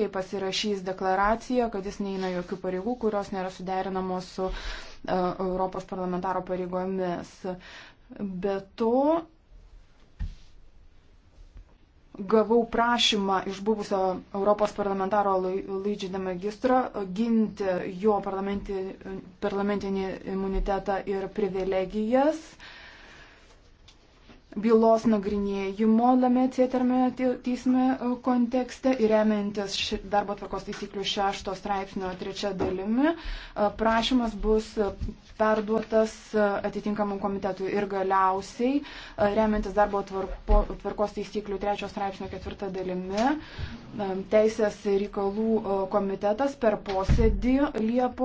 jisai pasirašys deklaraciją, kad jis neina jokių pareigų, kurios nėra suderinamos su uh, Europos parlamentaro pareigomis. Be to, gavau prašymą iš buvusio Europos parlamentaro Luigi de Magistro ginti jo parlamentinį imunitetą ir privilegijas. Uh, bylos nagrinėjimo Lamecija termino teisme e, kontekste ir remiantis darbo tvarkos taisyklių 6 straipsnio 3 dalimi e, prašymas bus e, perduotas atitinkamam komitetui ir galiausiai remiantis darbo tvarko, tvarkos taisyklių 3 straipsnio 4 dalimi Teisės reikalų komitetas per posėdį Liepos